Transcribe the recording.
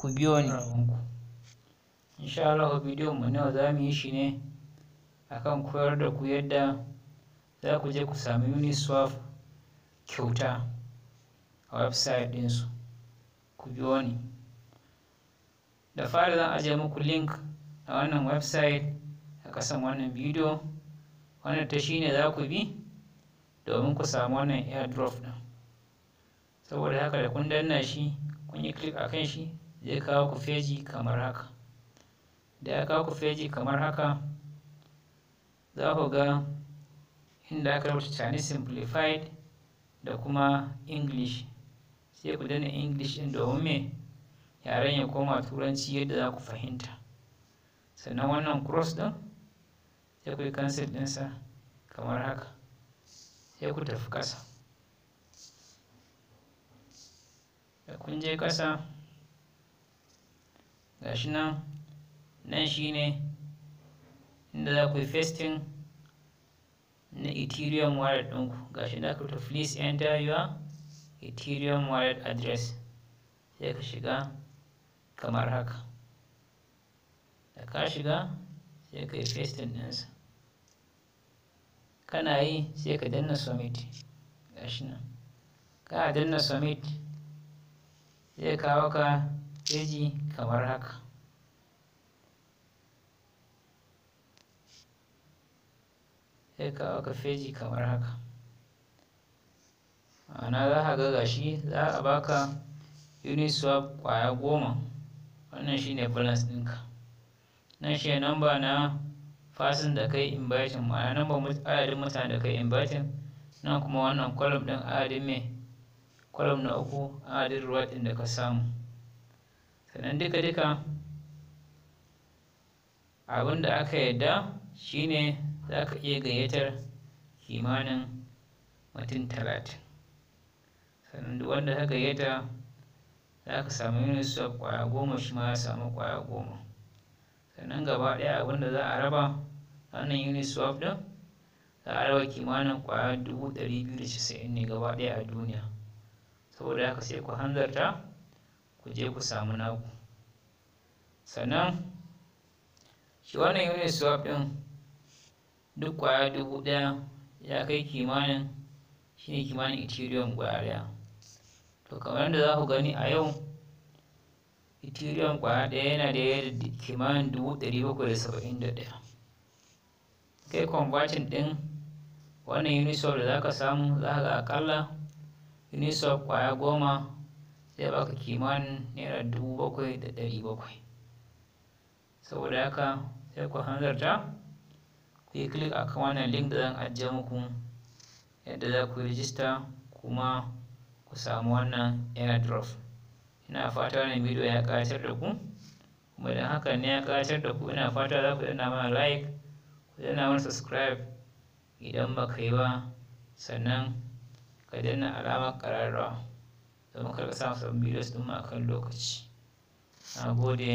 ku biyo ni insha Allah bidiyon mu nawa za mu yi shi ne akan koyar da ku yadda za ku je ku sami uniswap kyauta a website su ku biyo ni da fara zan ajiye muku link a wannan website a kasan wannan bidiyo wannan ta shine za ku bi domin ku samu wannan airdrop ɗin saboda haka da kun danna shi kun yi click a kan shi zai kawo ku feji kamar haka da ya kawo ku feji kamar haka za ku ga inda aka rubuta Chinese simplified da kuma English sai ku dana English ɗin domin me yaren ya koma turanci yadda za ku fahimta sannan wannan cross din? sai ku yi cancel ɗinsa kamar haka sai ku tafi ƙasa da kun je ƙasa gashi nan nan shine inda za ku yi festing na ethereum wallet ɗinku gashi na to please enter your ethereum wallet address sai ka shiga kamar haka da ka shiga sai ka yi festing ɗinsa kana yi sai ka danna submit gashi nan ka danna submit zai kawo ka peji kamar haka sai kawo ka feji kamar haka ana za ka gaga shi za a baka uniswap kwaya goma wannan shi ne balance ɗinka nan shi namba na fasin da kai ma ma'ana namba adadin mutane da kai inbatin nan kuma wannan kwalam ɗin adadin mai kwalam na uku adadin ruwa ɗin da ka samu sannan duka duka abin da aka yadda shine za ka iya gayyatar kimanin mutum talatin sannan duk wanda ka gayyata za ka samu uniswap kwaya goma shi ma ya samu kwaya goma sannan gaba ɗaya abin da za a raba wannan uniswap ɗin za a raba kimanin kwaya dubu ɗari biyu da casa'in ne gaba ɗaya a duniya saboda haka sai ku hanzarta ku je ku samu naku sannan shi wannan unit swap ɗin duk kwaya dubu ɗaya ya kai kimanin shi ne kimanin ethereum kwaya ɗaya to kamar yadda za ku gani a yau ethereum kwaya ɗaya yana da da kimanin dubu ɗari bakwai da saba'in da ɗaya kai converting ɗin wannan uniswap da za ka samu za ka ga akalla uniswap kwaya goma zai baka kimanin naira dubu bakwai da ɗari bakwai saboda haka sai ku hanzarta ku yi klik a kan wannan link da zan ajiye muku yadda za ku rijista kuma ku samu wannan airdrop ina fata wannan bidiyo ya ƙayatar da ku kuma idan haka ne ya ƙayatar da ku ina fata za ku danna mana like ku danna mana subscribe idan ba ka yi ba sannan ka danna alamar ƙararrawa domin karka sa fambilos ɗin a kan lokaci na gode